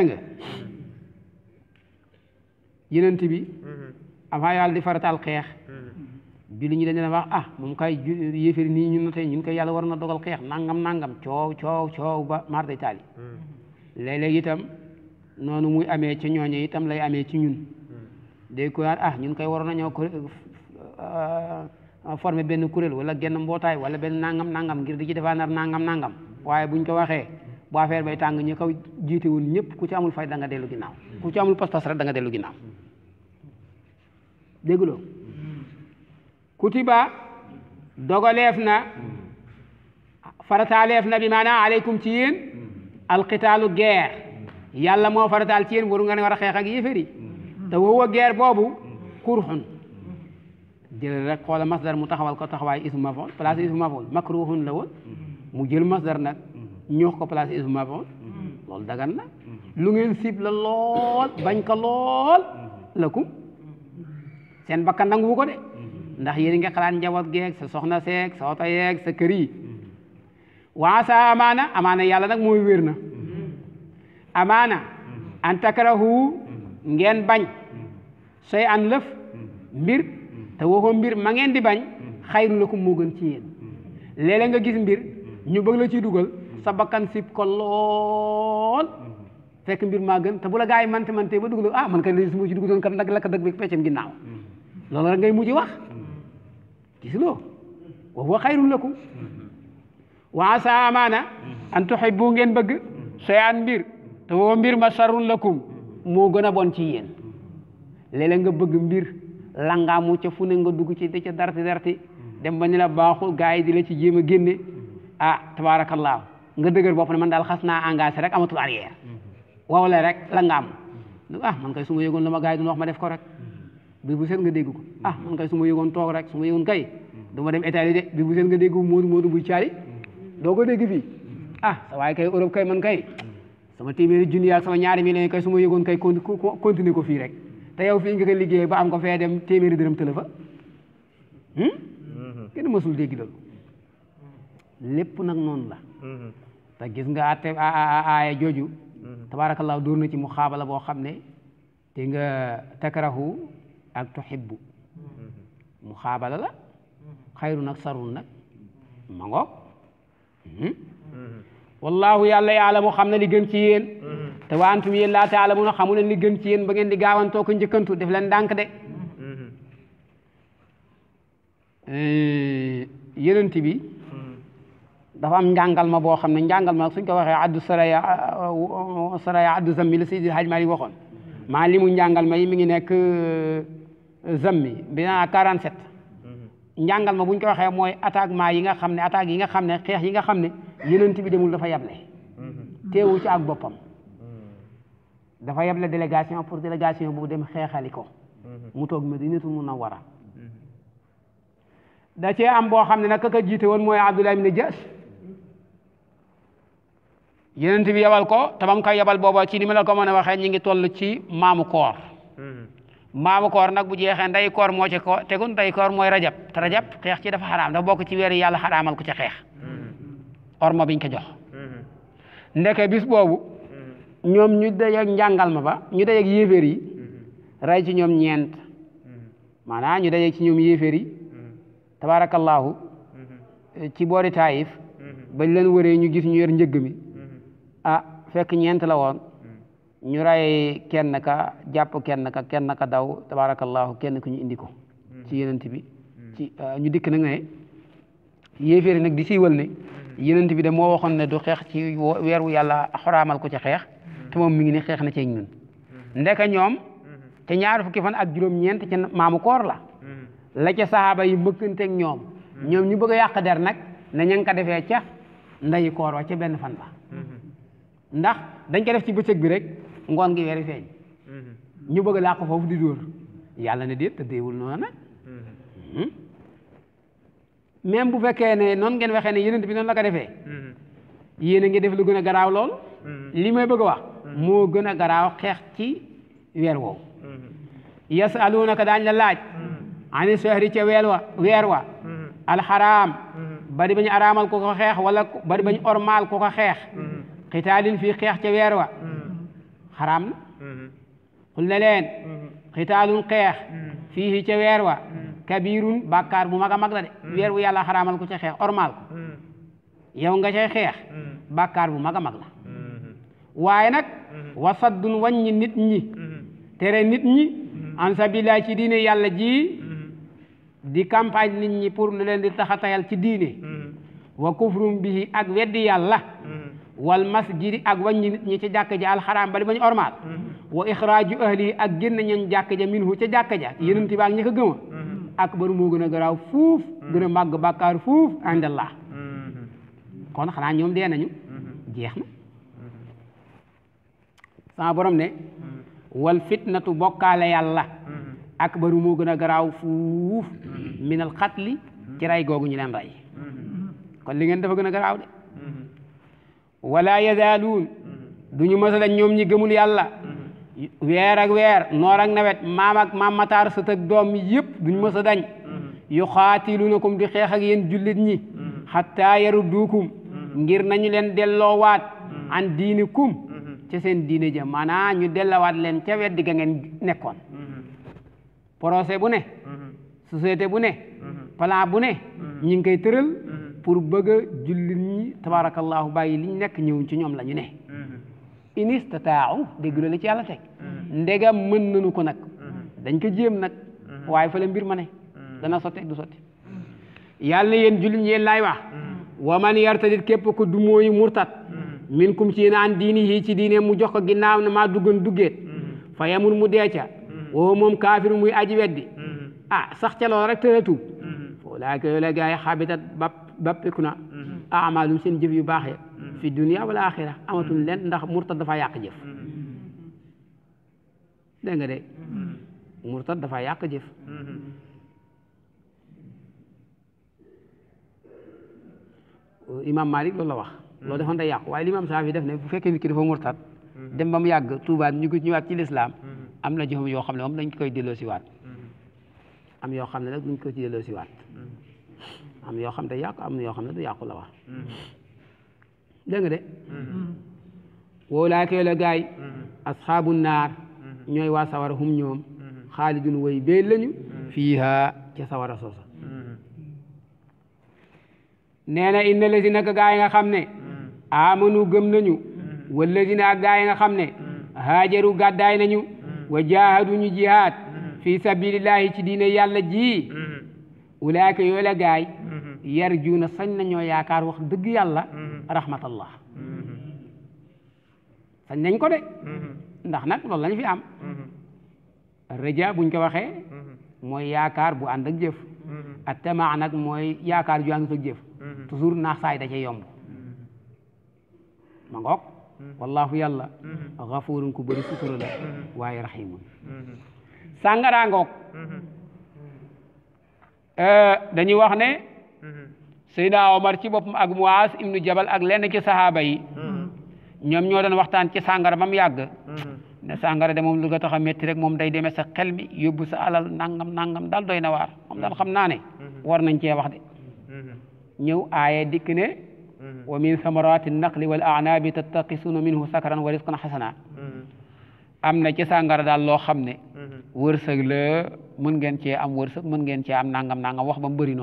dégg nga yenent bi mm-hmm. avant yàlla di farataal xeex mm-hmm. julli ñi dañu wax ah moom kay yéeféri nii ñun na tey ñun koy yàlla war na dogal xeex nangam nangam coow coow coow ba marday taali mm-hmm. léeg-léeg noonu muy amee ci ñooñe itam lay amee ci ñun day ko ah ñun koy waroon nañoo ko formé benn kuréel wala genn mbootaay wala benn nangam nangam ngir di ci defaanar nangam nangam waaye buñ ko bu affaire bay tàng ñi kaw jiite woon ñëpp ku ci amul fay da nga dellu ginnaaw ku ci amul pas-pas rek da nga dellu ginnaaw dégguloo kutiba dogaleef na farataaleef na bi maanaam aleykum ci yéen alqitaalu guerre yàlla moo farataal ci yéen waru nga ne war a xeex ak yéeféer yi te woowa boobu kurxun jël rek xoola masdar mu taxawal ko taxawaay ismu mafool place ismu mafool makruhun la woon mu jël masdar nag ñoo ko placé ismu maf'ul mm-hmm. loolu dagan na lu ngeen siib la lool bañ ko lool mm-hmm. lakum seen bakkan nanguwu ko de mm-hmm. ndax yéen nga xalaat njaboot geeg sa soxna seeg sa oto yeeg sa kër yi waa amaana amaana yàlla nag mooy wér na amaana an takrahu ngeen bañ sooy an lëf mbir te waxoo mbir ma ngeen di bañ xayru lakum moo gën ci yéen nga gis mbir ñu bëgg la ci dugal sa bakkan sib ko lool fekk mbir maa gën te bu la gaa yi mante mante ba dugg ah man kay li su ci dugg doon kat nag la ko dëgg bi peccam ginnaaw loolu rek ngay mujj wax gis loo wa huwa xayrun lakum wa asa amaana an tuhibbu ngeen bëgg soyaan mbir te woo mbir ma sarrun lakum moo gën a bon ci yéen léeg nga bëgg mbir mu ca fu nga dugg ci da ca darti darti dem ba ni la gaa yi di la ci jéem a génne ah tabaarakallaahu nga dëgër bopp ne man daal xas naa engagé rek amatul arrière wawle rek la nga am ah man kay su ma yëgoon la ma gars yi duñ ma def ko rek bi bu seen nga dégg ko ah man kay su ma yëgoon toog rek su ma yëgoon kay du ma dem Italie de bi bu seen nga dégg Modou Modou buy caali doo ko dégg fii ah sa waaye kay Europe kay man kay sama téeméeri junni ak sama ñaari million kay su ma yëgoon kay continuer ko fii rek te yow fii nga ko liggéey ba am ko fee dem téeméeri dërëm tëla fa hmm? Hmm. kenn mësul dégg loolu lépp nag te gis nga atte aaya jooju mm-hmm. tabaarakallaahu dóor na ci mu xaabala boo xam ne te nga takrahu ak tuhibbu mu mm-hmm. xaabala la mm-hmm. xayrun ak sarun nag ma ngoog wallaahu yàlla yaalamu xam ne li gën ci yéen te wa antum yéen laa taalamuuna xamu leen li gën ci yéen ba ngeen di gaawantoo ko njëkkantu def leen ndànk de eh, yenent dafa am njàngal ma boo xam ne njàngal ma suñ ko waxee addu saraya euh, saraya addu zammi la Seydi Hadj Malick waxoon maa lii mu njàngal ma yi mi ngi nekk euh, zammi bi naa 47 mm-hmm. njàngal ma buñ ko waxee mooy attaquement yi nga xam ne attaque yi nga xam ne xeex yi nga xam ne yenent bi demul dafa yable mm-hmm. teewu ci ak boppam mm-hmm. dafa yeble délégation pour délégation bu dem xeexali ko mu toog Madinatul Munawwara da cee am boo xam ne nag ka ka woon mooy yenent bi yebal ko te ba mu koy yebal booba ci ni ma la ko mën a waxee ñu ngi toll ci maamu koor hmm. maamu koor nag bu jeexee nday koor moo ci ko tegu nday koor mooy rajab te rajab xeex ci dafa xaraam dafa bokk ci weer yàlla xaraamal ko ci xeex hmm. orma biñ ko jox hmm. ndeke bis boobu ñoom ñu dajeeg njàngal ma ba ñu da yéeféer yi ray ci ñoom ñeent maanaam ñu dajeeg ci ñoom yéeféer yi tabaarakallaahu ci boori taayif bañ leen ñu gis ñu yor njëgg mi ah fekk ñeent la woon hmm. ñu ray kenn ka jàpp kenn ka kenn ka daw tabarakallahu kenn ku ñu indi ko hmm. ci yenent bi hmm. ci ah, ñu dikk nag ne yéeféeri nag di siiwal ne yenent bi de moo waxoon ne du xeex ci weer wu yàlla xoraamal ko ci xeex te moom mi ngi ne xeex na ci ñun ndeka ñoom te ñaar fukki fan ak juróom-ñeent ci maamu koor la la ca saaba yi mbëkkanteeg ñoom ñoom ñu bëgg a yàq der nag na ña nga ko defee ca ndeyu koor wa ca benn fan la ndax dañ ko def ci bëccëg bi rek ngoon gi weeri feeñ mm-hmm. ñu bëgg laa ko foofu di dóor yàlla na déet te déewul noonu mm-hmm. hmm? même bu fekkee ne noon ngeen waxee ne yeneen bi noonu la ko defee mm-hmm. yéen a ngi def lu gën a garaaw lool li may bëgg a wax moo gën a garaaw xeex ci weer woowu yasaluunaka daañ la laaj ani sahri ca weer wa weer wa alxaraam bari bañu araamal ko ko xeex wala bari bañu ormaal ko ko xeex xitaalin fii xeex ca weer wa xaraam na xul ne leen xitaalun xeex fii ca weer wa kabirun bàkkaar bu mag a mag la de weer wu yàlla xaraamal ko ca xeex ormal ko yow nga cay xeex bàkkaar bu mag a mag la waaye nag wasaddun wàññi nit ñi tere nit ñi an sabila ci diine yàlla ji di campagne nit ñi pour lu leen di taxatayal ci diine wa kufrum bihi ak weddi yàlla wal masjidi ak wàññi nit ñi ca jàkka ja alxaraam bali ba ñu ormaal mm-hmm. wa ixraaju ahli ak génn ñañ jàkk ja minhu ca jàkk ja mm-hmm. yenanti baak ñi ko gëma mm-hmm. ak baru moo gën a garaaw fuuf gën a màgg bàkkaar fuuf indallah kon xanaa ñoom dee jeex na sama borom ne wal fitnatu bokkaale yàlla ak baru moo gën a garaaw fuuf minal xatli ci rey googu ñu leen rey kon li ngeen dafa gën a garaaw de wala yazaaluun mm-hmm. du ñu mës a dañ ñoom ñi gëmul yàlla mm-hmm. weer ak weer noor ak nawet maam ak mataar sët doom yëpp du ñu mës a dañ mm-hmm. yuxaatilunakum di xeex ak yéen jullit ñi xattaa yarudduukum ngir nañu leen delloowaat an diinikum ca seen diine ja maanaa ñu delloowaat leen ca weddi ga ngeen nekkoon projet bu ne société bu ne plan bu ne ñi ngi koy tëral pour bëgg a jullit ñi tabaarakallaahu bàyyi liñ nekk ñëwuñ ci ñoom la ñu ne mm-hmm. inistataau déglu la ci yàlla teg mm-hmm. ndegam mën nañu ko nag mm-hmm. dañ ko jéem nag waaye fa la mbir ma ne dana sotte du sotti yàlla yéen jullit ñi yéen laay wax wa man yartadit képp ko du mooyu murtat min kum ci yéen diini yii ci diine mu jox ko ginnaaw na maa duggan duggeet fa yamul mu deeca woo moom kaafiru muy aji weddi ah sax ca rek tëra tuub foo laa ko yooyu la gaa yi xabitat bap bappiku na mm-hmm. amaalum seen jëf yu baax ya mm-hmm. fi dunia wala axira amatuñ mm-hmm. leen ndax murtad dafa yàq jëf dégg de murtad dafa yàq jëf imam Malik loolu la wax loolu defoon day yàqu li imam Saafi def ne bu fekkee nit ki murtad dem mu yàgg tuubaat ñu ngi ñëwaat ci lislaam am na jëfam yoo xam ne moom dañ koy delloo yoo xam ne nag ko ci delloo siwaat am yoo xam ne yàqu am yoo xam ne du yàqu la wax mm-hmm. dégg nga mm-hmm. la gaay mm-hmm. asxaabu naar ñooy wa sawara hum ñoom xaalidun way bee lañu fiiha ca sawara soosa nee inna lesi naka gaay nga xam ne amanu gëm nañu wallazina ak gaay nga xam ne haajaru gàddaay nañu wa jaahadu ñu jihaad fi sabilillahi ci diine yàlla ji ulaaka yoola gaay yar juuna sañ nañoo yaakaar wax dëgg yàlla mm-hmm. rahmatallah mm-hmm. sañ nañ ko de mm-hmm. ndax nag loolu lañ fi am rëja buñ ko waxee mooy yaakaar bu ànd ak jëf ak nag mooy yakaar ju ànd ak jëf toujours naax saay da ca yomb ma ngoog wallaahu yàlla xafurun ku bëri sutura raximun sàngaraa ngoog euh, dañuy wax ne Seydina Omar ci boppam ak Muaz ibnu Jabal ak lenn ci sahaaba yi hmm. ñoom ñoo doon waxtaan ci sàngara ba mu yàgg hmm. ne sàngara de moom lu ko tax a moom day demee sa xel mi yóbbu sa alal nangam nangam daal doy na waar moom daal xam naa ne hmm. war nañ cee wax de ñëw aaya dikk ne wa min samarati naqli wal a'nabi tattaqisuna minhu sakaran wa risqan xasana am na ci sàngara dal loo xam ne wërsëg la mun ngeen ce am wërsëg mën ngeen cee am nangam nangam wax ba mu bëri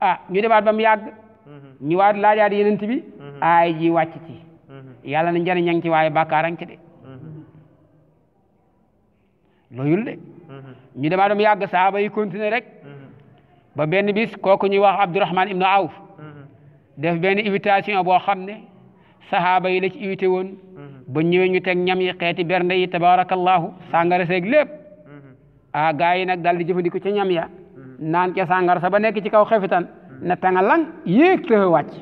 a ah, ñu demaat ba mu yàgg mm-hmm. ñu waat laajaat yenent bi mm-hmm. aay ji wàcc ci mm-hmm. yàlla na njëriñ a ngi ci waaye bàkkaar a ci de looyul de ñu demaat ba mu yàgg saaba yi continuer rek ba benn bis kooku ñuy wax Abdurahman ibnu Awf def benn invitation boo xam ne sahaaba yi la ci invité woon ba ñëwee ñu teg ñam yi xeeti bernde yi tabarakallahu sàngara seeg lépp ah gars yi nag daal di jëfandiko ci ñam ya naan ca sàngara ba nekk ci kaw xefitan na tanga lang yéeg tëxa wàcc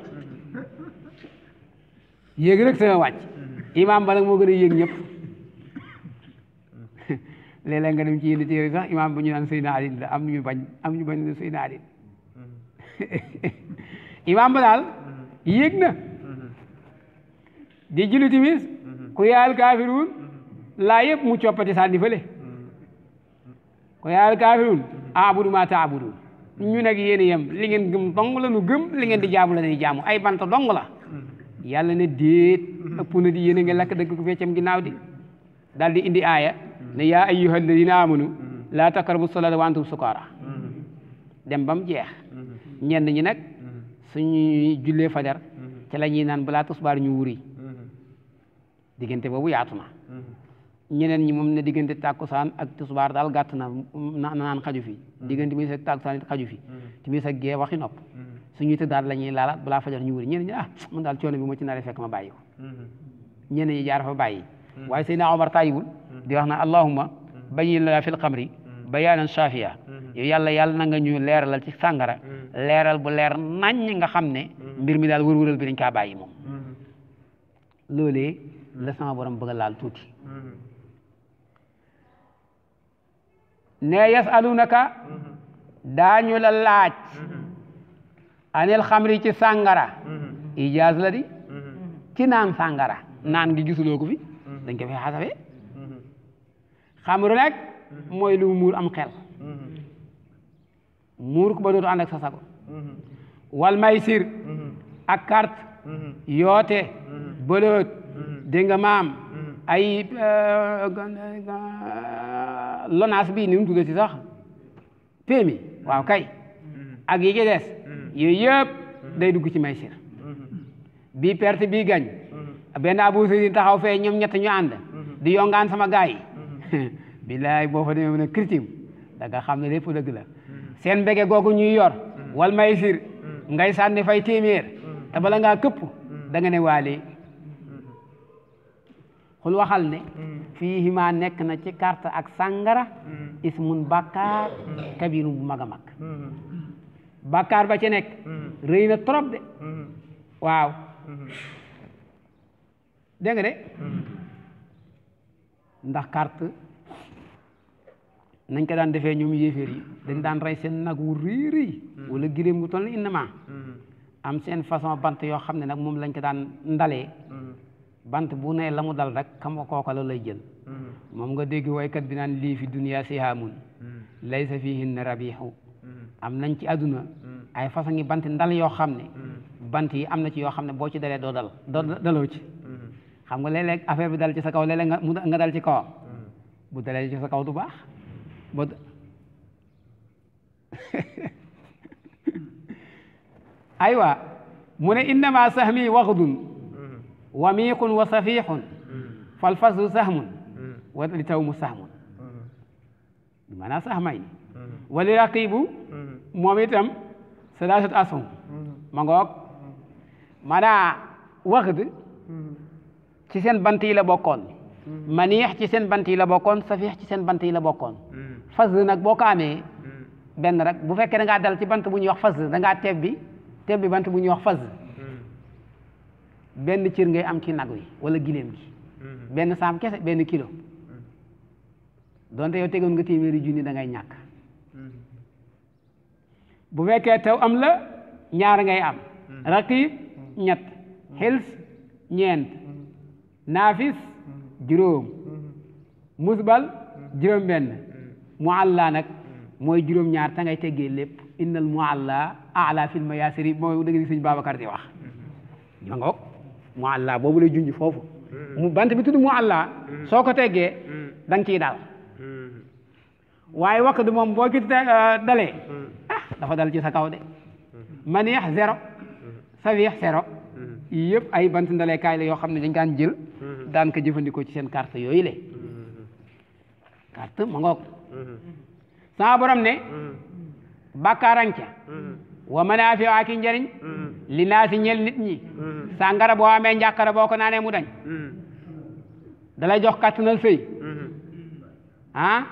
yéeg rek tëxa wàcc imaam ba nag moo gën a yéeg ñëpp léeg-léeg nga dem ci yenn téere sax imaam bu ñu am ñu bañ am ñu imaam ba daal yéeg na di julli timis ku yaayal kaafiruun laa yëpp mu coppati sànni fële ku yaayal kaafiruun aabudu maa taabudu ñu nag yéen yem li ngeen gëm nu gëm li ngeen di jaamu la ñuy jaamu ay banta dong la yàlla ne déet na di yéen a ngi lakk dëgg ko feccam ginnaaw di daal di indi aaya ne yaa ayyuha alladina amanu laa taqrabu salata wa antum sukaara dem ba mu jeex ñenn ñi nag suñuy jullee fajar ci la ñuy naan balaa tusbaar ñu wuri diggante boobu yaatu na ñeneen ñi moom ne diggante tàkkusaan ak tisbaar daal gàtt na naan xaju fi mm-hmm. diggante timis ak tàkkusaan it xaju fi mm-hmm. timis ak gee waxi nopp mm-hmm. suñuy tëddaat la ñuy laalaat balaa fajar ñu wuri ñeneen ñi ah man daal coono bi moo ci naree fekk ma bàyyi ko ñeneen ñi jaar fa bàyyi waaye a Omar tàyyiwul di wax na allahumma bayyin lana fil xamri bayaanan saafiya yow yàlla yàlla na nga ñu leeralal ci sàngara leeral bu leer naññ nga xam ne mbir mi daal wërwëral bi dañ kaa bàyyi moom la sama borom a laal tuuti ne yasalunaka mm-hmm. daañu la laaj mm-hmm. anil xamri ci sàngara mm-hmm. ijaaz la di ci naan sàngara naan gi gisuloo ko fi dañ ko fi xasafee xamru mooy lu muur am xel muur ko ba dootu ànd ak sa sago wal maysir ak carte yoote bëloot dinga maam ay lonaas bi ni mu tuddati sax péemi waaw kay mm-hmm. ak yi ci des mm-hmm. yooyu yëpp day dugg ci maysir mm-hmm. bii perte bii gañ benn abou sëydin taxaw fee ñoom ñett ñu ànd di yongaan sama gaay yi billaay boo fa demee mu ne critim da nga xam ne lépp dëgg la seen mbege googu ñuy yor wal maysir ngay sànni fay téeméer te ngaa këpp danga ne waali xul waxal ne mm. fii ma nekk na ci carte ak sàngara mm. ismun bàkkaar mm. kabirum bu mag a mag bàkkaar ba ci nekk rëy na trop de waaw dégg de ndax carte nañ ko daan defee ñu yéeféer yi dañ daan rey seen nag wu rëy rëy wala giléem gu toll ni am seen façon bant yoo xam ne nag moom lañ ko daan ndalee bant bu ne la mu dal rek xam nga kooka la lay jël mm-hmm. moom nga dégg waykat bi naan lii fi dunya sihaamun mm-hmm. laysa fihinna rabihu mm-hmm. am nañ ci àdduna ay façon ngi bant ndal yoo xam ne bant yi am na ci yoo xam ne boo ci dalee doo dal doo daloo ci xam nga léeg-léeg bi dal ci sa kaw léeg-léeg nga dal ci kawam bu dalee ci sa kaw du ba aywa mu ne innama sahmi waxdun wamiiqun wa safiixun fal faslu sahmun wa li tawmu sahmun maanaam sahmay ni wali raqibu moom itam salaasatu ashum ma ngoog maanaa waxd ci seen bant yi la bokkoon maniix ci seen bant la bokkoon safiix ci seen bant yi la bokkoon fasl nag boo ko rak bu fekkee da ngaa dal ci bant bu ñuy wax fasl da ngaa teeb bi teeb bi bant bu ñuy wax fasl benn cir ngay am ci nag wi wala gileem gi mm-hmm. benn saam kese benn kilo mm-hmm. donte yow tegoon nga téeméeri junni dangay ngay mm-hmm. bu fekkee tew am la ñaar ngay am raqib ñett xils ñeent naafis juróom musbal juróom benn mualla nag mooy juróom ñaar ta ngay teggee lépp innal mualla ala fil mayaasiri mooy da nga di sëñ Babacar di wax mu àllaa boobu lay junj foofu hmm. mu bant bi tudd mu àllaa hmm. soo ko teggee hmm. da nga ciy daal waaye wakk du moom boo ci euh, dalee ah dafa dal ci sa kaw de maneex zéro saweex zéro yii yëpp ay bant ndaleekaay la yoo xam ne dañ daan jël daan ko jëfandikoo ci seen carte yooyu le carte ma ngoog ne bàkkaarañ ca wa manaafi'u ak njëriñ mm-hmm. li naa si ñel nit ñi mm-hmm. sàngara boo amee njàqara boo ko naanee mu dañ mm-hmm. dalay jox kattanal sëy ah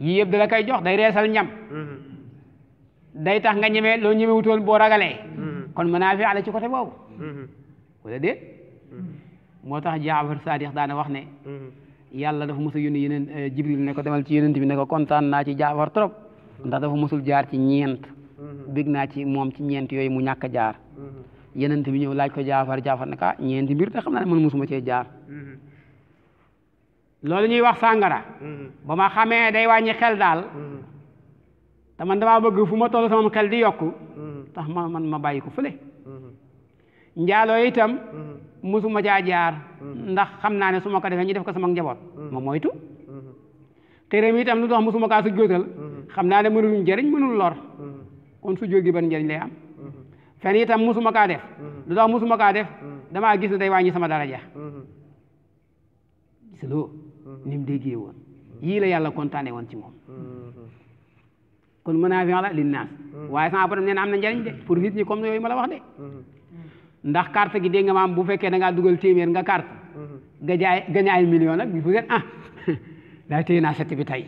yii yëpp dala koy jox day reesal ñam day tax nga ñemee loo ñeme wutoon boo ragalee kon manaafi ala ci côté boobu wala déet moo tax Jaafar Saadiq daane wax ne yàlla dafa mosul yónni yeneen eh, Jibril ne demal ci yeneen bi ne ko kontaan naa ci Jaafar trop ndax dafa mosul jaar ci ñeent bég naa ci moom ci ñeent yooyu mu ñàkk a jaar mm-hmm. yenent bi ñëw laaj ko jaafar jaafar ne ko ah ñeenti mbir te xam naa ne man mosuma mm-hmm. wax sàngara mm-hmm. ba ma xamee day wàññi xel daal te man fu ma toll sama xel di yokku tax ma man ma bàyyi ko fële njaaloo itam jaar ndax xam naa ne suma ma ko defee ñu def ko sama njaboot ma moytu xëram itam lu tax mosuma kaa su jóotal xam naa ne mënul njëriñ mënul lor kon sujjóot gi ban njëriñ lay am mm-hmm. fen itam musuma kaa def mm-hmm. lu tax kaa def mm-hmm. damaa gis day wàññi sama daraja gisuloo ni mu déggee woon la yàlla kontaane woon ci moom kon munaafiq la linnaas waaye sama borom nee na am na njariñ de pour nit ñi comme yooyu ma la wax de ndax carte gi dégg nga maam bu fekkee da ngaa dugal téeméer nga carte ga jaay gañ ay million nag bu ngeen ah daa téye naa set bi tey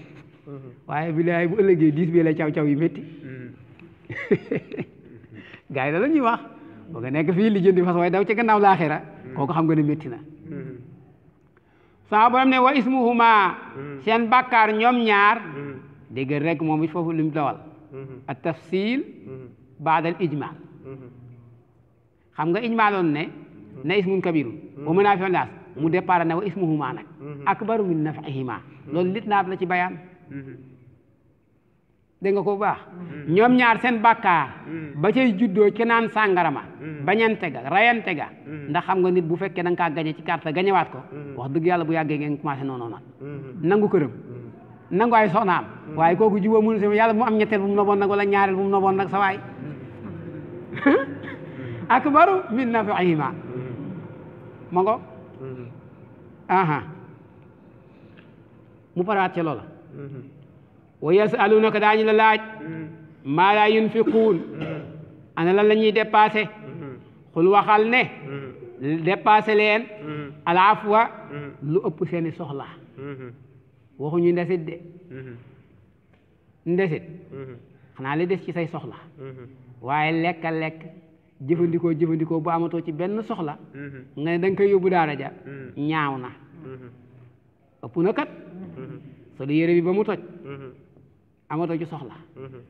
waaye bilaay bu ëllëgee diis bi la caw caw yu métti mm. gars yi da la ñuy wax boo nga nekk fii li jëndi fas way daw ci gannaaw laaxira mm-hmm. kooku xam nga ne métti na mm-hmm. sama borom ne wa ismuhuma mm-hmm. seen bàkkaar ñoom ñaar dégg rek moom foofu lim dawal a baadal ijmal xam nga ijmaaloon ne na ismun kabirun wa manaafi'un naas mu départ ne wa ismuhuma nag akbaru min naf'ihima loolu lit naab la ci bayaan dégg nga ko bu baax mm. ñoom ñaar seen bakka mm. ba cay juddoo ci naan sàngara ma mm. bañante ga rayante ga ndax xam nga nit bu fekkee da nga kaa gañe ci carte gañewaat ko wax dëgg yàlla bu yàggee ngeen commencé noonu nag nangu këram nangu ay soxnaam waaye kooku juba mu si yàlla bu mu am ñetteel bu mu noboon nag wala ñaareel bu mu noboon nag sa waay akbaru min nafiihima ma ngo aha mu paraat ci wa yasalunaka daañu la laaj maa laa yunfiquun ana lan la lañuy dépassé xul waxal ne dépassé leen alaafwa lu ëpp seeni soxla waxuñu ndesit de ndesit xanaa li des ci say soxla waaye lekka lekk jëfandikoo jëfandikoo bu amatoo ci benn soxla nga ne da koy yóbbu daa ja ñaaw na ëpp na kat solu yére bi ba mu toj amatoo ci soxla mhm.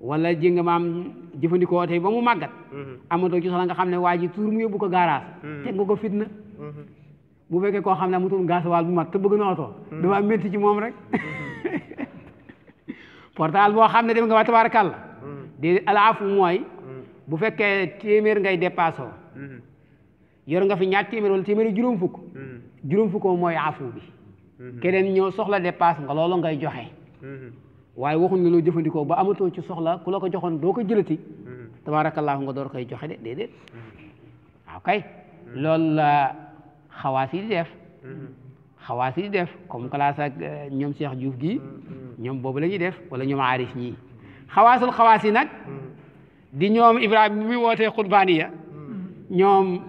wala ji nga maam jëfandikoo tey ba mu màggat mhm. amatoo ci soxla nga xam ne waa ji tuur mu yóbbu ko garage mhm. teg nga ko fitna bu fekkee koo xam ne amutul gasoil bu mat bëgg na oto dafa métti moom rek portal boo xam ne dem nga ba tabaarakàlla di alaafu mooy bu fekkee téeméer ngay dépassé yor nga fi ñaar téeméer wala téeméeri juróom fukk juróom fukk mooy afu bi keneen ñëw soxla dépasse nga loolu ngay joxe waaye waxuñ ne loo jëfandikoo ba amatoo ci soxla ku la ko joxoon doo ko jëlati mm-hmm. tabaarakallaahu nga koy joxe de déedéet mm-hmm. waaw kay mm-hmm. loolu la xawaas yi di def xawaas yi comme classe ak euh, ñoom Cheikh Diouf gii ñoom boobu lañuy def wala ñoom aarif ñii xawaasul xawaas yi nag di ñoom Ibrahima bi wootee xurbaaniya ñoom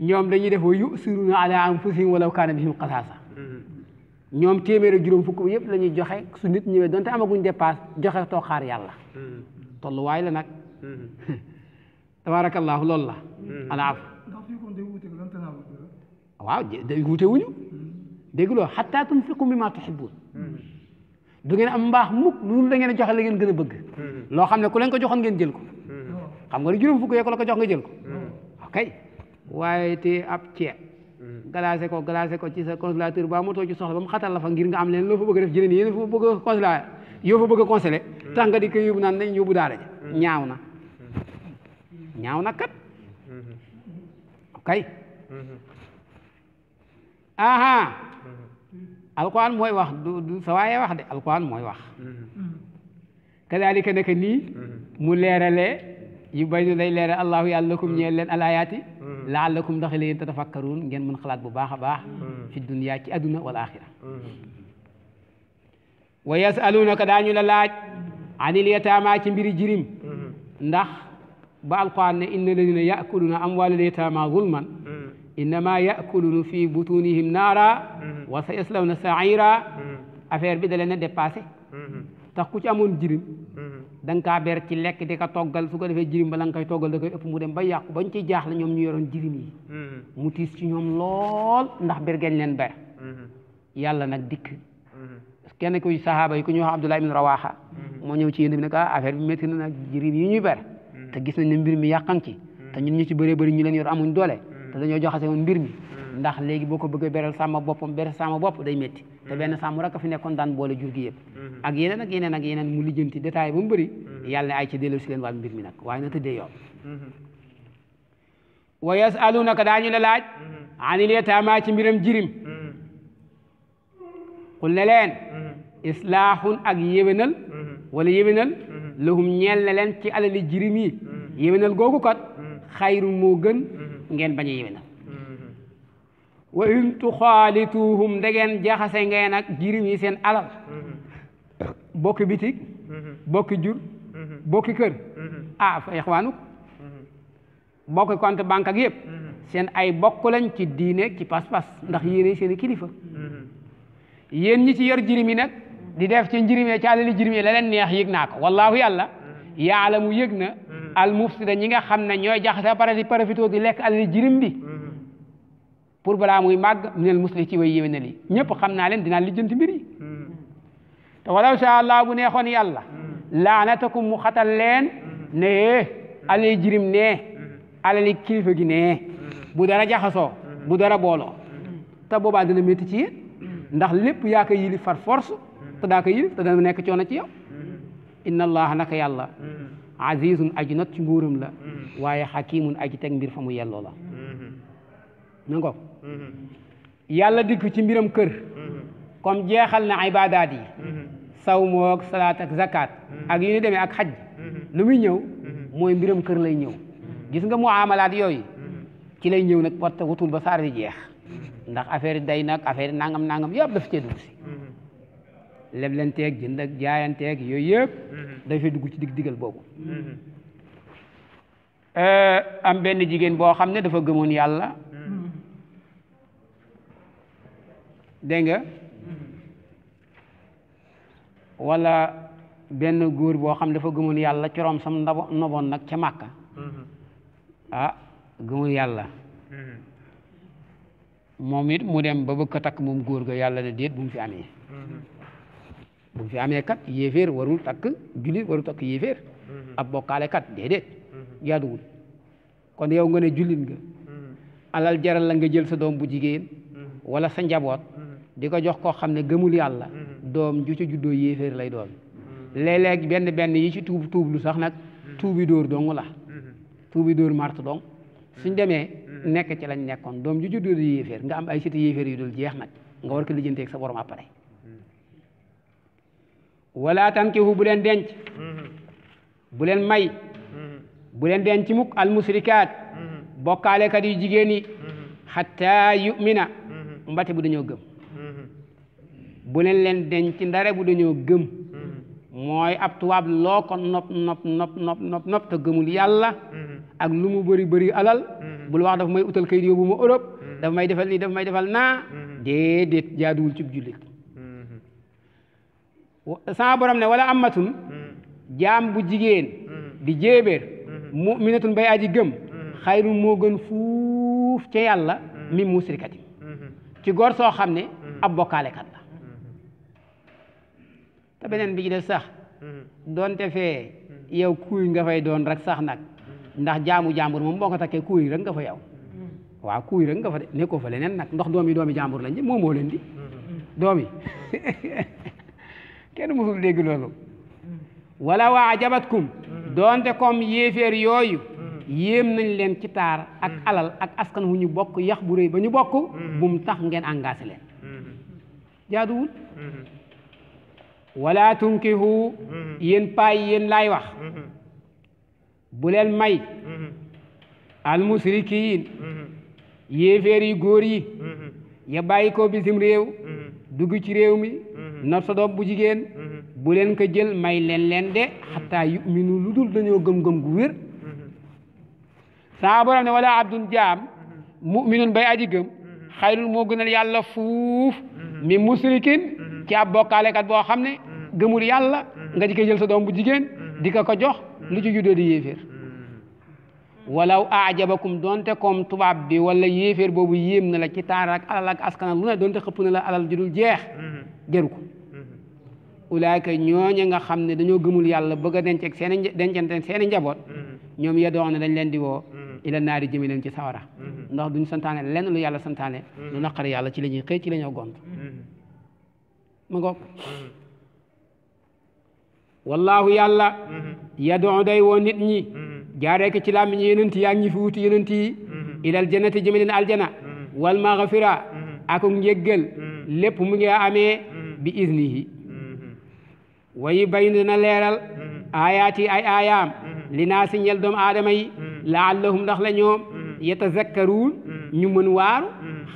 ñoom dañuy def wa yusiruna ala anfusihim walaw kaana bihim qasaasa ñoom téeméer juróom fukk bi yëpp la joxe su nit ñëwee donte amaguñ dépasse joxe toog xaar yàlla mm-hmm. tolluwaay la nag mm-hmm. tabaarakallaahu lool la mm-hmm. alaaf waaw wute wuñu dégg loolu xataa tunfiqu mimma tuhibbun du ngeen am mbaax mukk loolu da ngeen joxe la ngeen gën a bëgg loo xam ne ku leen ko joxoon ngeen jël ko xam nga ne juróom fukk yee ko la ko jox nga jël ko ok waaye te ab ceeb Mm. glacé ko glacé ko ci sa consulateur ba motoo ci soxla ba mu xatal la fa ngir nga am leen loo fa bëgg a def jëneen yéen a consulat yoo fa bëgg a consulé mm. tax nga di ko yóbbu naan nañ yóbbu daara ji mm. ñaaw na ñaaw na kat mm-hmm. kay mm-hmm. aha mm-hmm. alquran mooy wax du du sa wax de alquran mooy wax kadaalika nekk nii mu leeralee yu bay nu day leeral allahu yàlla lakum hmm. ñeel leen alaayaati hmm. laallakum ndax leen tatafakkaruun ngeen mën xalaat bu baax a baax hmm. fi dunya ci adduna wal axira wa yasaluunaka daañu la laaj anil yataama ci mbiri jirim ndax ba alquran ne inna alladina yakuluuna amwaalal yataama zulman innama yakuluuna fi butunihim naara wa sa yaslawna saira affaire bi da leen a dépassé tax ku ci amoon jirim da kaa ber ci lekk di ka toggal su ko defee jirim ba la nga koy toggal da koy ëpp mu dem ba yàqu bañ ci jaaxle ñoom ñu yoroon jirim yi mm-hmm. mu tiis ci ñoom lool ndax ber gañ leen ber mm-hmm. yàlla nag dikk mm-hmm. kenn kuy sahaaba yi ku ñuy wax Abdullah ibn Rawaha moo ñëw ci yéen bi ne ko ah, affaire bi métti na nag jirim yi ñuy ber te gis nañ ne mbir mi yàqan ci te ñun ñu ci bëree bëri ñu leen yor amuñ doole te dañoo joxase woon mbir mi ndax léegi boo ko bëggee beral sàmm boppam beral bopp day metti te mm-hmm. benn sàmm rek a fi nekkoon daan boole jur gi yëpp mm-hmm. ak yeneen ak yeneen ak yeneen mu lijjanti détail ba mu bëri mm-hmm. yàlla ay ci dellu si leen wàllu mbir mi nag waaye na tëddee yoon wa yasalunaka daañu la laaj anil yataama ci mbiram jirim qul ne ak yéwénal wala yéwénal lahum ñeel ne leen ci alali jirim yi yéwénal googu kat xayru moo gën ngeen bañ a yéwénal wa in tuxaalituhum ndegeen jaxase ngeen nag jirim yi seen alal mm-hmm. bokki bitig mm-hmm. bokki jur mm-hmm. bokki kër ah fa ixwaanuk bokki compte banque ak yëpp seen ay bokk lañ ci diine ci pas-pas ndax yéene seen kilifa yéen ñi ci yor jirim yi nag di def ci njirime ci alali jirim yi la leen neex yëg naa ko wallaahu yàlla mu yëg na al mufsida ñi nga xam ne ñooy jaxase ba pare di profité di lekk alali jirim bi pour balaa muy màgg minal musli ci way yéwénali ñëpp xam naa leen dinaa lijjanti mbir yi te walaw sha allah bu neexoon yàlla laanatakum mu xatal leen ne alali jirim nee alali kilifa gi nee bu dara jaxasoo bu dara booloo te boobaa dina métti ci ndax lépp yaa ko yilif far force te daa ko yilif te dana nekk coono ci inna allah naka yàlla azizun aji not ci nguuram la waaye xakimun aji teg mbir fa mu yelloo la mm-hmm. Mm-hmm. yàlla dikk ci mbiram kër mm-hmm. comme jeexal na ibaadaat yi mm-hmm. saw moog salaat ak zakat ak yu ni demee ak xaj lu muy ñëw mooy mbiram kër lay ñëw gis nga mu muamalaat yooyu ci lay ñëw nag porte wutul ba saar di jeex ndax affaire day nag affaire nangam nangam yëpp dafa cee dugg si leblenteeg jënd ak jaayanteeg yooyu yëpp dafay dugg ci dig digal boobu euh, am benn jigéen boo xam ne dafa gëmoon yàlla dégg nga benn góor boo xam dafa gëmoon yàlla coroom sam ndabo noboon nag ca màkka ah gëmoon yàlla moom mu dem ba bëgg ko takk moom góor ga yàlla ne déet bu mu fi amee bu mu fi amee kat yéeféer warul takk jullit warul takk yéeféer ab bokkaale kat déedéet jaaduwul kon yow nga ne jullit nga alal jaral la nga jël sa doom bu jigéen wala sa njaboot di ko jox koo xam ne gëmul yàlla mm-hmm. doom ju ca juddoo yéeféer lay doon mm-hmm. léeg-léeg benn benn yi ci tuub tuub lu sax nag mm-hmm. tuubi dóor dong la tuubi dóor mart dong suñ demee nekk ci lañ nekkoon doom ju juddoo di nga am ay siti yéeféer yu dul jeex nag nga war ko lijjanteeg sa borom après wala tankihu bu leen denc bu leen may bu leen denc mukk almusrikaat bokkaalekat yu jigéen yi xataa yumina mbate bu dañoo gëm bu leen leen denc ndare bu dañoo gëm mm-hmm. mooy ab tubaab loo ko nopp nopp nopp nopp te gëmul yàlla mm-hmm. ak lu mu bëri bëri alal mm-hmm. bul wax dafa may utal kayit bu ma Europe dafa may defal nii dafa may defal naa déedéet jaaduwul cib jullit sama borom ne wala ammatun jaam bu jigéen di jéebéer muminatun bay aji gëm xayru moo gën fuuf ca yàlla mi musrikatim ci góor soo xam ne ab bokkaalekat la te beneen bi ci def sax mm-hmm. doonte fee mm-hmm. yow kuuy nga fay doon rek sax nag mm-hmm. ndax jaamu jàmbur moom boo ko takkee kuuy rek nga fa yow waaw kuuy rek nga fa de nekkoo fa leneen nag ndox doom yi doomi jàmbur la moom moo leen di doom yi kenn mësul dégg loolu wala waa ajabatkum doonte comme yéeféer yooyu yéem nañ leen ci taar ak alal ak askan wu ñu bokk yax bu réy ba ñu bokk bu mu tax ngeen engagé leen jaaduwul wala tunkihu mm-hmm. yéen paay yéen laay wax mm-hmm. bulen may mm-hmm. almusrikiin yéeféer yi góor yi ya bàyyi ko bisim réew dugg ci réew mi not sa doom bu jigéen bu leen ko jël may leen leen de xataa yuminu lu dul dañoo gëm-gëm gu wér saa borom ne wala abdun jaam muminun bay aji gëm xayrul moo gënal yàlla fuuf mi musrikin ci ab bokkaalekat boo xam ne gëmul yàlla mm-hmm. nga di koy jël sa doom bu jigéen mm-hmm. di ko ko jox mm-hmm. lu ci juddoo di yéeféer walaw aajabakum donte comme tubaab bi wala yéeféer boobu yéem na la ci taar ak alal ak lu ne donte xëpp na la alal ju dul jeex jëru ko ulaayka ñooña nga xam ne dañoo gëmul yàlla bëgg a denceeg seen dencante seen i njaboot ñoom ya doon ne dañ leen di woo ila naari jëme leen ci sawara ndox duñ santaane lenn lu yàlla santaane lu naqari yàlla ci la ñuy xëy ci la ñoo gont wallaahu yàlla mm-hmm. yadoo day woo nit ñi mm-hmm. jaaree ko ci làmmiñ yenent yi ak ñi fi wuti yenent yi mm-hmm. ilal jannati jëme leen aljana wal maxfira ak njéggal lépp mu ngi amee bi iznihi wayu bayu dana leeral aayaati ay aayaam li naa si ñel doomu aadama yi laallahum ndax la ñoom yatazakkaruun ñu mën waaru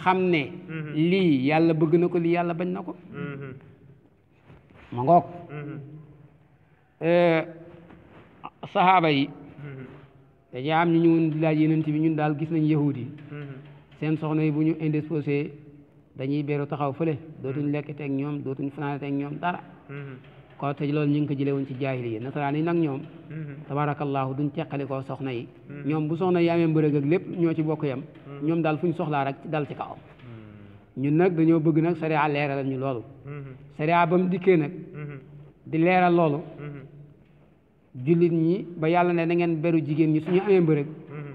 xam ne lii yàlla bëgg na ko lii yàlla bañ na ko ma ngoog saxaaba yi mm-hmm. dañuy am ñu ñëwoon di laaj yeneen bi ñun daal gis nañ yahud yi mm-hmm. seen soxna yi bu ñu indisposé dañuy beeru taxaw fële mm-hmm. dootuñ lekkate ak ñoom dootuñ fanaanate ak ñoom dara ko te loolu ñu ngi ko jëlee woon ci jaahili yi nasaraan yi nag ñoom tabaarakallaahu duñ teqali koo soxna yi ñoom bu soxna yi amee mbërëg lépp ñoo ci bokk yam ñoom daal fuñ ñu soxlaa rek dal ci kaw ñun nag dañoo bëgg nag sariya leeralal ñu loolu sariya ba dikkee nag di leeral loolu mm-hmm. jullit ñi ba yàlla ne da ngeen beru jigéen ñi suñu amee mbërëg mm-hmm.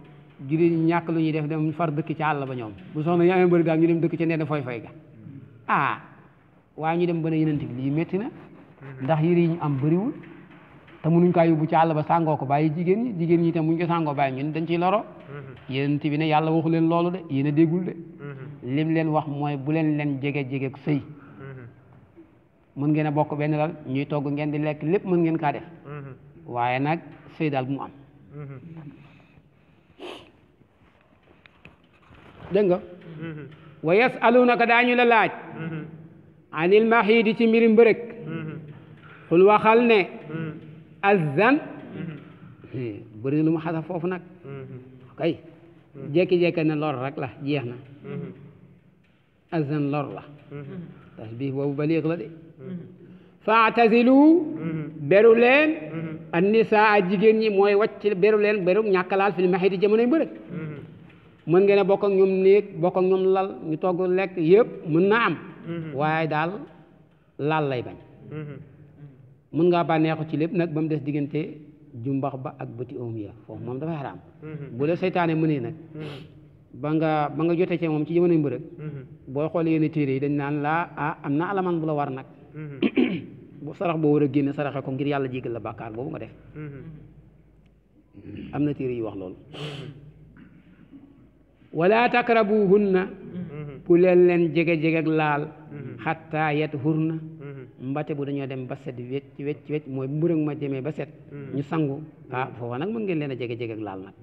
jullit ñi ñàkk lu ñuy def dem far dëkk ci àll ba ñoom bu soxna ñu amee mbërëg daal ñu dem dëkk ci neen fooy fooy ga mm-hmm. ah waaye ñu dem ba ne yeneen bi lii métti na ndax yëre yi ñu am bëriwul te mu munuñ kaa yóbbu ci àll ba sàngoo ko bàyyi jigéen ñi jigéen ñi tam muñ ko sàngoo bàyyi ñun dañ ci loro yeneen bi ne yàlla waxu leen loolu de yéen a déggul de lim leen wax mooy bu leen leen jege jege sëy mën ngeen a bokk benn lal ñuy togg ngeen di lekk lépp mën ngeen kaa def mm-hmm. waaye nag sëy daal bu mu am mm-hmm. dégg nga mm-hmm. wa yasalunaka daañu la laaj anil maxiidi ci mbirim mbërëg xul waxal ne azan bëri lu mu xasa foofu nag kay jekki-jekki ne lor rek la jeex na azan lor la tasbih boobu baliix la de faatazilu mm-hmm. beru leen mm-hmm. annisaa jigéen ñi mooy wàcc beru leen beru ñàkkalaal fil mahidi jamonoy mbërëg mm-hmm. mën ngeen a bokk ak ñoom néeg bokk ak ñoom lal ñu togg lekk yépp mën na am waaye daal laal lay bañ mën ngaa bànneexu ci lépp nag ba mu des diggante jumbax ba ak bëti oom ya foofu moom dafay xaraam bu la seytaane mënee nag ba nga ba nga jotee ci moom ci jamonoy mbërëg booy xool yenn téere yi dañ naan laa ah am na alaman bu la war nag bu mm-hmm. sarax boo war a génne saraxe ko ngir yàlla jégal la bàkkaar boobu nga def mm-hmm. am na téere yu wax loolu mm-hmm. wala na bu leen leen jege-jege laal xattaa yet hur na mbate bu dañoo dem ba set wecc wecc wecc mooy mbërëg ma demee ba set ñu sangu ah foofa nag mën ngeen leen a jege-jege laal nag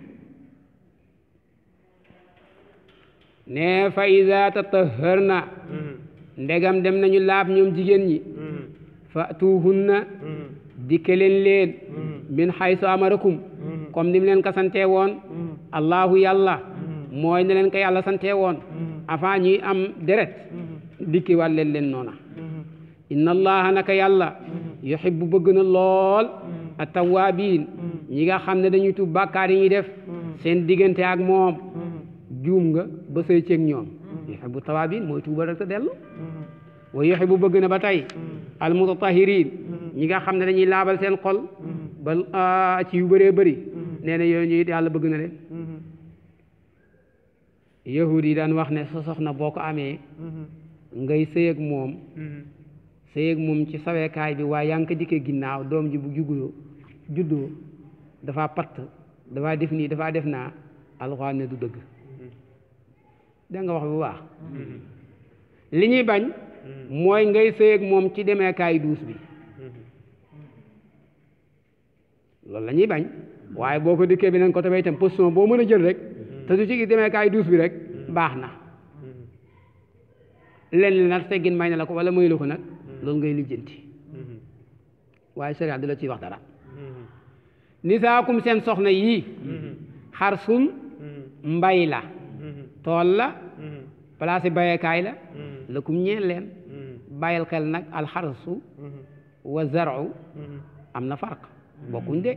ne fa iza tatahharna mm-hmm. ndegam dem nañu laab ñoom jigéen ñi mm-hmm. fa na mm-hmm. dikke leen leen min xaysu amarakum comme ni mu leen ko santee woon allahu yàlla mooy ne leen ko yàlla sante woon avant ñuy am deret dikki waat leen leen noona inna allaha naka yàlla yuhibbu bëgg na lool attawaabiin ñi nga xam ne dañuy tuub bàkkaar yi ñuy def seen diggante ak moom juum nga ba sëy ceeg ñoom yuhibbu tawaabin mooy tuubal rek te dellu mm-hmm. wa yuhibbu bëgg na ba tey mm-hmm. al mutatahiriin mm-hmm. ñi nga xam ne dañuy laabal seen xol ba ah, ci yu bëree bëri nee na yooyu ñu it yàlla bëgg na leen yahud yi daan wax ne sa soxna boo ko amee ngay sëy ak moom sëy moom ci sawekaay bi waaye yaa dikkee ginnaaw doom ji bu juguloo juddoo dafa patt dafa def nii dafa def naa alxuraan ne du dëgg da nga wax bu waa mm-hmm. li ñuy bañ mm-hmm. mooy ngay sëy moom ci demeekaay duus bi mm-hmm. loolu lañuy bañ waaye boo ko dikkee bi côté ko itam position boo mën a jël rek te su ci demeekaay duus bi rek baax na lenn li nag teggin may na la ko wala may la ko nag loolu ngay lijjanti waaye sariya du la ciy wax dara nisaakum seen soxna yii xarsun mbay la tool la mm-hmm. place bayekaay la mm-hmm. lakum ñeel leen mm-hmm. bàyyil xel nag alxarsu wa zaru am na farq bokkuñ de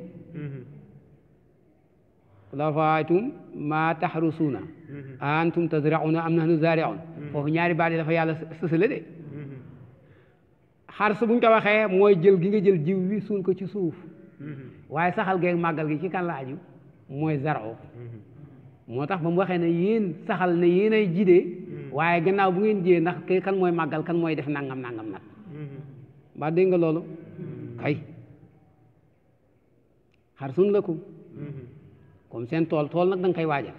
lafatum ma taxrusuuna antum tazrauna am nahnu zariun foofu ñaari baat yi dafa yàlla sësale de xars buñ ko waxee mooy jël gi nga jël jiw wi suul ko ci suuf waaye saxal geeg màggal gi ci kan la aju mooy zaro moo tax ba mu waxee na yéen saxal ne yéen ay jidee hmm. waaye gannaaw bu ngeen jiyee ndax kay kan mooy màggal kan mooy def nangam nangam na hmm. ba dégg nga loolu hmm. kay xar sun la ko seen tool tool nag da koy waajal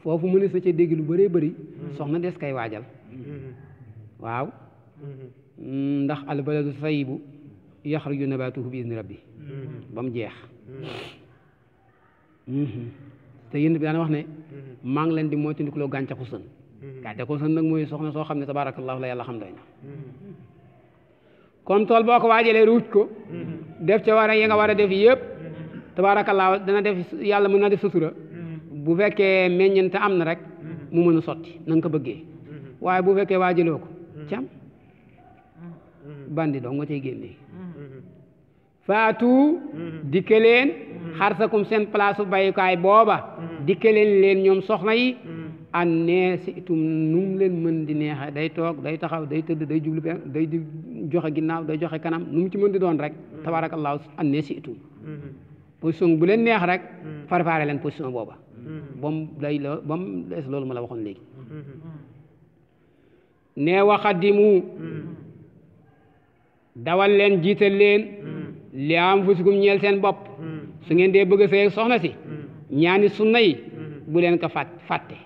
foofu mënees na cee dégg lu bëree bëri soxna des koy waajal waaw ndax albaladu sayibu yaxruju nabatuhu bi izni rabbi ba mu jeex te yéen bi daana wax ne mm-hmm. maa ngi leen di ku moytandikuloo gàncaxu sën mm-hmm. gàncaxu sën nag mooy soxna soo xam ne tabaarakallaahu la yàlla xam doy na mm-hmm. kon tool boo ko waajalee ruuj ko def ca war a yi nga war a def yëpp tabaarakallaahu dana def yàlla mën na def sutura bu fekkee meññante am na rek mu mën a sotti na ko bëggee waaye bu fekkee waajaloo ko cam bandi doo nga cay génnee faatu mm-hmm. dikke leen mm-hmm. xarsakum seen place bayukaay booba mm-hmm. dikke leen leen ñoom soxna yi an ne si itum mu leen mën di neexee day toog day taxaw day tëdd day jublu benn day joxe ginnaaw day joxe kanam nu ci mën di doon rek tabaarakallaahu an nee si itum position bu leen neex rek farfaare leen position booba ba mu day la ba mu loolu ma la waxoon léegi nee waxadimu dawal leen jiital leen li anfusikum ñeel seen bopp mm-hmm. su ngeen dee bëgg a sëy ak soxna si mm-hmm. ñaani sunna yi mm-hmm. bu leen ko fàtt fàtte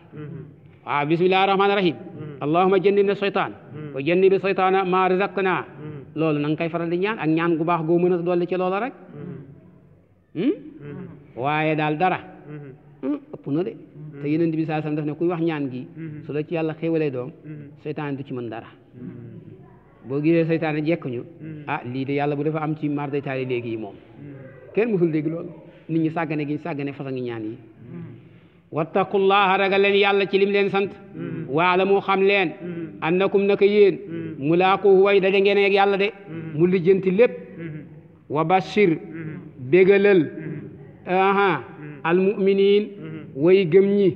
waaw bismillahi rahmaani rahim allahumma jannibna seytaan wa jannibi seytaana maa razaqnaa loolu na nga koy faral di ñaan ak ñaan gu baax goo mën a dolli ci loola rek hmm? waaye daal dara hmm? ëpp na de te yeneen bi saa daf ne kuy wax ñaan gi su ci yàlla xéewalee doom seytaan du ci mën dara boo gisee seytaane jekkuñu mm. ah lii de yàlla bu dafa am ci mar day taali léegi yi moom mm. kenn musul dégg loolu nit ñi sàggane gi ñu sàggane façon ñaan yi mm. wattaqullaha ragal leen yàlla ci lim leen sant waala moo xam leen annakum naka yéen mu laa ko way daje ngeen yàlla de mu lijjanti lépp wa bashir bégalal aha way gëm ñi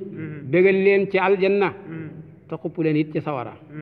bégal leen ci aljanna te xupp leen it ci sawara